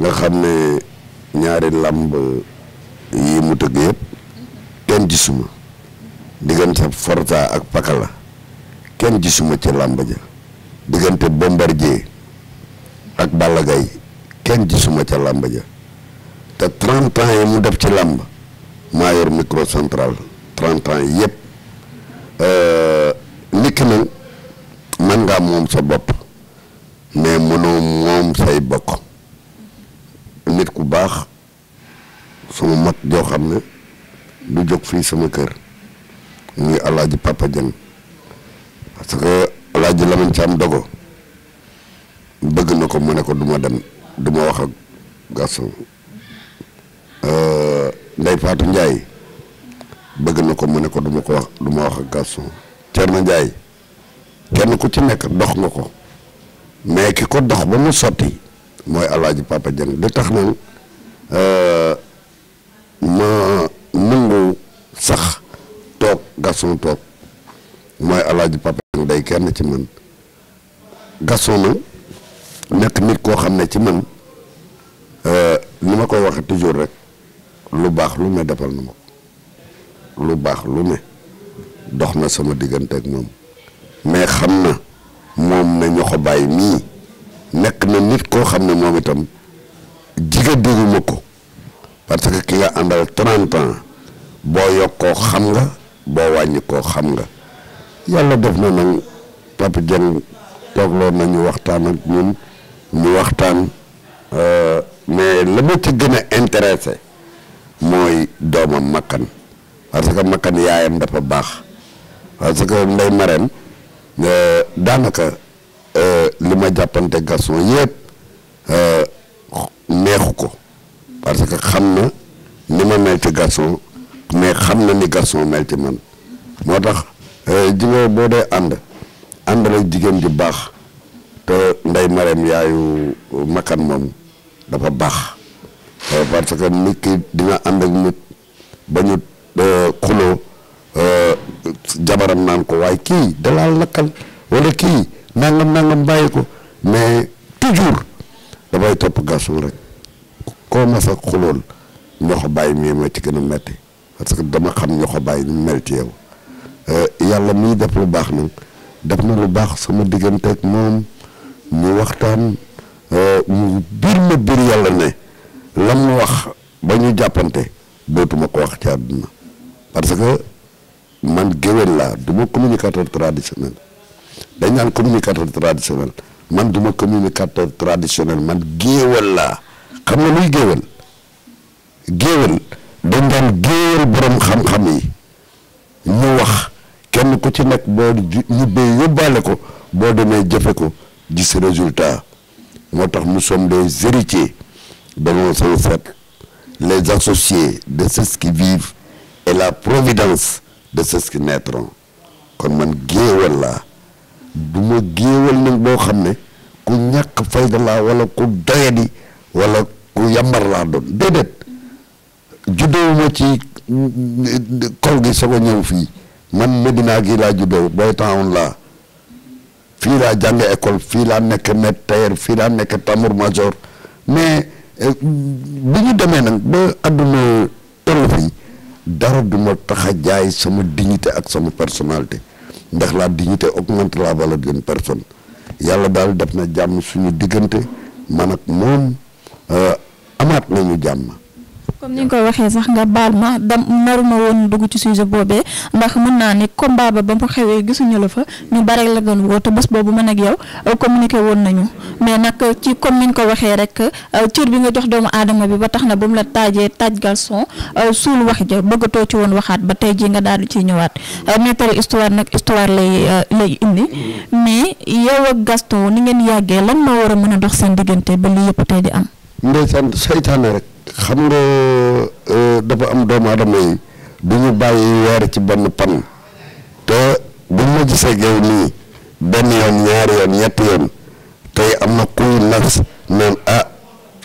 nga xam ne ñaari làmb yi mu tëgg yëpp kenn gisuma diggante Forza ak Pakala kenn gisuma ca làmb ja diggante Bombardier ak Balla kenn gisuma ca làmb ja te 30 yi mu def ci làmb maa yor micro central 30 ans yëpp euh, niki na man ngaa moom sa bopp mais mënoo moom say bokk joo xam ne du jóg fii sama kër muy alaaji papa jën parce que alaaji Lamine Thiam dogo bëgg na ko mu ne ko duma dem du ma wax ak Gaston euh, Ndeye Fatou njaay bëgg na ko mu ne ko du ma wax du ma wax ak Gaston Thierno njaay kenn ku ci nekk dox nga ko mais ki ko dox ba mu sotti mooy alaaji papa jën di tax nag euh, Gaston toog mooy alaaji Papa day kenn ci man gason nag nekk nit koo xam ne ci man lu euh, ma koy waxe toujours rek lu baax lu ne defal na ma ko lu baax lu ne dox na sama diggante ak moom mais xam na moom na ñoxo bàyyi mii nekk na nit koo xam ne moom itam jiga déguma ko parce que ki nga àndal trente ans boo yokkoo xam nga boo wàññi koo xam nga yàlla def na nag Papa Dieng toogloo nañu waxtaan ak ñun ñu waxtaan euh, mais la ma ci gën a intéressé mooy doomam makan parce que makkan yaayam dafa baax parce que nday marem euh, daanaka euh, li ma jàppante garçon yëpp neexu ko parce que xam na ni ma mel ci garçon xam na ni garçon mel ci man moo tax eh, ji nga boo dee ànd ànd la jigéen ji baax te nday maram yaayu makan moom dafa baax eh, parce que nit ki dina ànd ak nit ba ñu eh, jabaram naan ko waaye kii dalal lakkal wala kii nangam nangam bàyyi ko mais toujours dafay topp garçon rek koo mas xulool ñoo ko bàyyi mii ma ci gën a metti parce que dama xam ñoo ko bàyyi ni mu mel ci yow euh, yàlla muy def lu baax nag def na lu baax sama diggante moom mu waxtaan euh, mu biir ma biir yàlla ne lam mu wax ba ñu jàppante dootuma ko wax ci àdduna parce que man géwél laa du ma communicateur traditionnel dañ naan communicateur traditionnel man du ma communicateur traditionnel man géwél laa xam nga luy géwél géwél ci nekk boo ñibbee yóbbaale ko boo demee jëfe ko gis résultat moo tax mu sommes les héritiers de nos ancêtres les associés de ceux qui vivent et la providence de ceux qui naîtront kon man géewal laa du ma géewal boo xam ne ku ñàkk fayda laa wala ku doyadi wala ku yambar laa doon déedéet juddoo ci mm, mm, kol gi soog a ñëw fii man Medina gii laa juddoo Boy Town laa fii laa jàng école fii laa nekk maître tailleur fii laa nekk tambour major mais euh, bi ñu demee nag ba àdduna toll fii dara du ma tax a jaay sama dignité ak sama personnalité ndax laa dignité augmente la valeur d'une personne yàlla daal def na jàmm suñu diggante man ak moom euh, amaat nañu jàmm. comme ni nga ko waxee sax nga baal ma dam naruma woon dugg ci sujet boobee ndax mën naa ne combat ba ba mu xewee gisuñu la fa ñu bare la doon woo te bés boobu man ak yow euh, communiqué woon nañu mais nag euh, ci comme ni nga ko waxee rek euh, cër bi nga jox doomu aadama bi ba tax na ba mu la taajee taaj galson suul wax ja bëggatoo ci woon waxaat ba tey jii nga daal di ciy ñëwaat nettali histoire nag histoire lay lay indi mm-hmm. mais yow ak Gaston ni ngeen yàggee lan moo war a mën a dox seen diggante ba lii yëpp di am. ndeysaan seytaane rek xam nga euh, dafa am doomu aadama yi du ñu bàyyi weer ci benn pan te bu ma gisee benn yoon ñaari yoon ñetti yoon am na kuy nas naan ah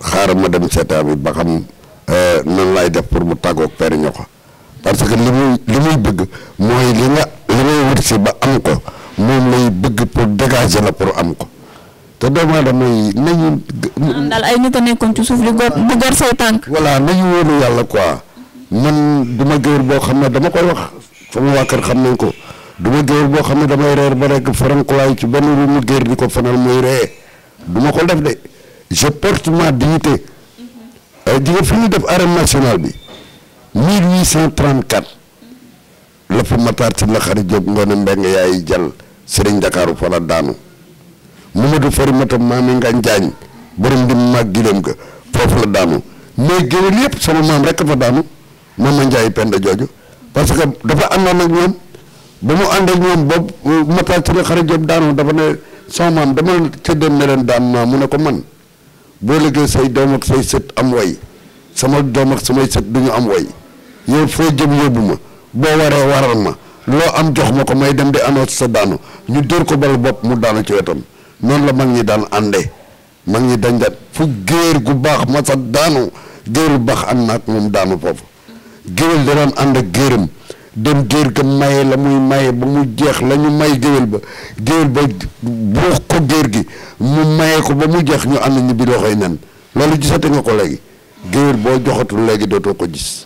xaaral ma dem seetaan bi ba xam euh, nan laay def pour mu tàggoog père ñoxo parce que li muy li muy bëgg mooy li nga li ngay wut si ba am ko moom lay bëgg pour dégager la pour am ko te doomu aadama yi nañu. daal ay nit a nekkoon ci suuf di gor di gor say tànk. voilà nañu wóolu yàlla quoi man du ma géwél boo xam ne dama koy wax sama waa kër xam nañ ko du ma géwél boo xam ne damay reer ba rek farankulaay ci benn mu géer di ko fanal muy ree du ma ko def de je porte ma dignité ji euh, nga fi ñu def arène nationale bi 1834 la fa Matar ci la xarit Diop Ngone Mbengue yaay jàll Serigne Ndakaaru fa la daanu. Mamadou Farimata maami Ngagne Diagne borom di mag gileem ga foofu la daanu mais géwél yëpp sama maam rek fa daanu Mama Ndiaye Penda jooju parce que dafa àndoon ak ñoom ba mu ànd ak ñoom ba uh, Matar Siré Xari Joob daanu dafa ne sama maam dama ca dem ne leen daan maa mu ne ko man boo liggéey say doom ak say sët am way sama doom samay sët du ñu am way yow foo jëm yóbbu ma boo waree waral ma loo am jox ma ko may dem di annonce sa daanu ñu dóor ko ba bopp mu daanu ci noonu la mag ñi daan ànde mag ñi dañ daan fu géer gu baax ma sa daanu géer bu baax ànd na ak moom daanu foofu géwél da daan ànd ak géeram dem géer ga maye la muy maye ba mu jeex la ñu may géwél ba géwél ba buux ko géer gi mu maye ko ba mu jeex ñu ànd ñi bi loxoy nen loolu gisate nga ko léegi géwél boo joxatu léegi dootoo ko gis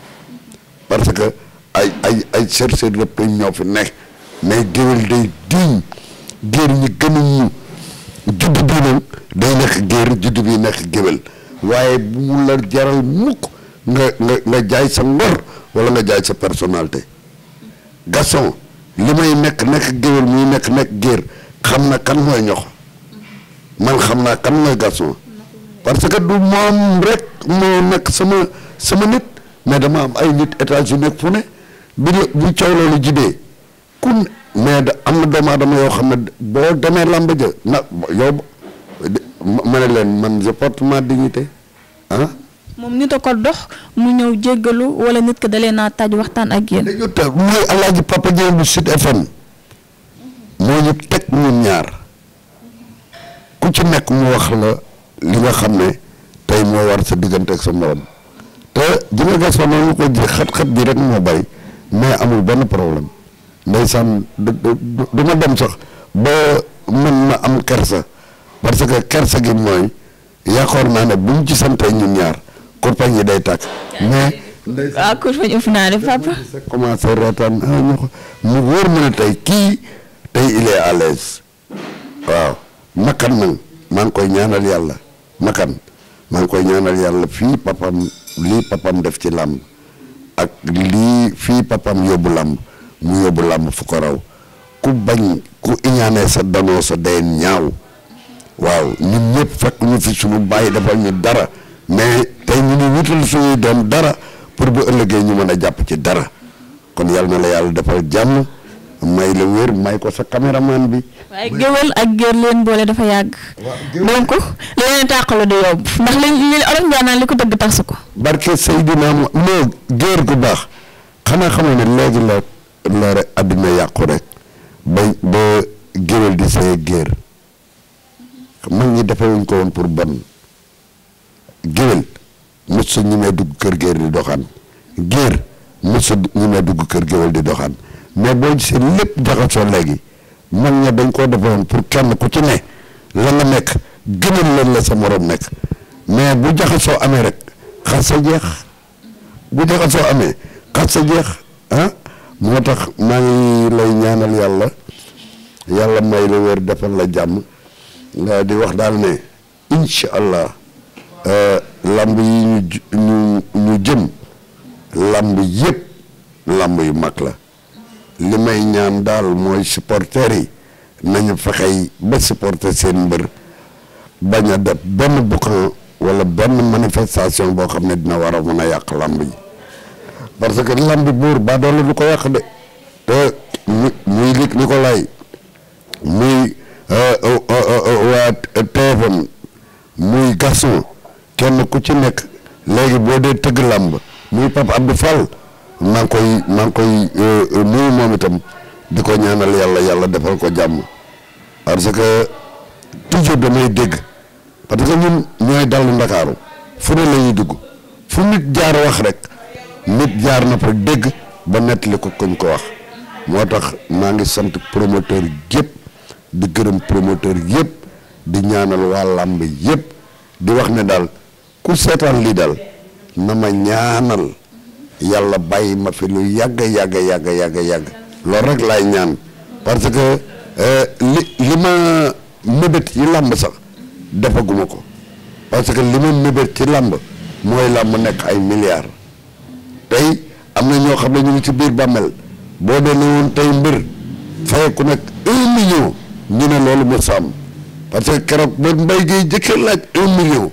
parce que ay ay ay chercheur lépp ñoo fi nekk mais géwél day diñ géer ñi gënuñ ñu nekk géer juddu bi nekk géwél waaye bu mu la jaral mukk nga nga nga jaay sa ngor wala nga jaay sa personalité Gaston li may nekk nekk géwél muy nekk nekk géer xam na kan mooy ñox man xam naa kan mooy Gaston parce que du moom rek moo nekk sama sama nit mais dama am ay nit États-Unis fu ne bu coow loolu jibee kun mais am na doomu aadama yoo xam ne boo demee làmb ja yow ma leen man je porte ma ah. moom nit a ko dox mu ñëw jéggalu wala nit ko dalee naa taaj waxtaan ak yéen. dañu teg mooy Alaaji Papa Dieng bu Sud FM moo ñu teg ñun ñaar ku ci nekk mu wax la li nga xam ne tey moo war sa diggante ak sa morom te jëmee gas fa noonu ko ji xat-xat bi rek moo bari mais amul benn problème ndeysaan du ma dem sax ba mën ma am kersa. parce que sa gi mooy yaakaar naa ne bu mu ci santee ñun ñaar kurpañ yi day tàkk mais. waaw ah, kurpañ ëpp naa de papa. commencé reetaan mu ah, ne tey kii tey il est waaw makan nag maa ngi koy ñaanal yàlla makan maa ngi koy ñaanal yàlla fii papam lii papam def ci làmb ak lii fii papam yóbbu làmb mu yóbbu làmb fu ko raw ku bañ ku iñaanee sa danoo sa day ñaaw. waaw ñun ñëpp fekk ñu fi suñu bàyyi defal ñu dara mais tey ñu ngi wutal suñuy doom dara pour bu ëllëgee ñu mën a jàpp ci dara kon yàlla na la yàlla defal jàmm may la wér may ko sa caméraman bi. waaye géwél ak géer leen boole dafa yàgg. donc li leen tàqalu du yomb ndax li li olof ngaa naan li ko bëgg tax ko. barke Seydina mo géer gu baax ñemee dugg kër géer di doxaan géer mos a ñemee dugg kër géwél di doxaan mais boo gisee lépp jaxasoo léegi mag ña dañ koo defoon pour kenn ku ci ne la nekk gënal leen la sa morom nekk mais bu jaxasoo amee rek xas sa jeex bu jaxasoo amee xas sa jeex ah moo tax maa ngi lay ñaanal yàlla yàlla may la wér defal la jàmm di wax daal ne incha allah. Euh, lamb yi ñu ñu jëm lamb yëpp lamb yu mag la li may ñaan daal mooy supporters yi nañu fexey ba supporter seen mbër bañ a def benn boucan wala benn manifestation boo xam ne dina war a mën a yàq lamb yi parce que lamb buur ba doole du ko yàq de muy lig ni muy euh, euh, waa muy Gaston kenn ku ci nekk léegi boo dee tëgg làmb muy Pape Abdou Fall maa ngi koy maa koy euh, euh, nuyu moom itam di ko ñaanal yàlla yàlla defal ko jàmm parce que toujours damay dégg parce que ñun ñooy dallu ndakaaru fu ne la dugg fu nit jaar wax rek nit jaar na fa dégg ba nettali ko koñ ko wax moo tax maa ngi sant promoteur yëpp di gërëm promoteur yëpp di ñaanal waa làmb yëpp di wax ne daal ku seetaan li dal na ma ñaanal yàlla bàyyi ma fi lu yàgg yàgg yàgg yàgg yàgg loolu rek laay ñaan parce que euh, li li ma mébét yi làmb sax defaguma ko parce que li ma mébét ci làmb mooy làmb nekk ay milliards tey am na ñoo xam ne ñu ngi ci biir bàmmeel boo dee ne woon tey mbër faye ku nekk un million ñu ne loolu mu sàmm parce que keroog ba mbay gi jëkkee laaj un million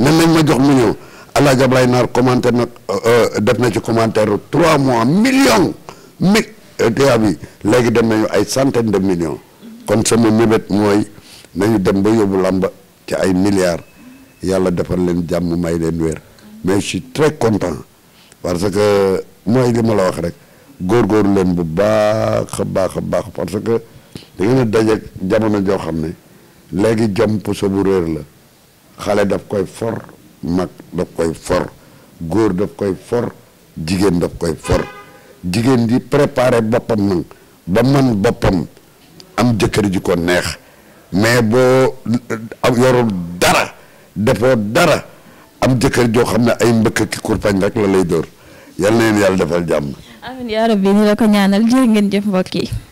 ne nañ ma jox mu ñëw El Hadj Ablaye Naar commenté na euh, euh, def na ci commentaire trois mois millions mi tia bi léegi dem nañu ay centaine de millions kon sama mébét mooy nañu dem ba yóbbu làmba ci ay milliards yàlla defal leen jàmm may leen wér mais si suis très content parce que mooy li ma la wax rek góor góor leen bu baax a baax a baax parce que da ngeen a dajeeg jamono joo xam ne léegi jom puso bu réer la xale daf koy for mag daf koy for góor daf koy for jigéen daf koy for jigéen ji préparer boppam nag ba man boppam am jëkkër ji ko neex mais boo yorul dara defoo dara am jëkkër joo xam ne ay mbëkk ki kurpañ rek la lay dóor yal na leen yàlla defal jàmm. amiin yaa rabbi ni la ko ñaanal jërë ngeen jëf mbokk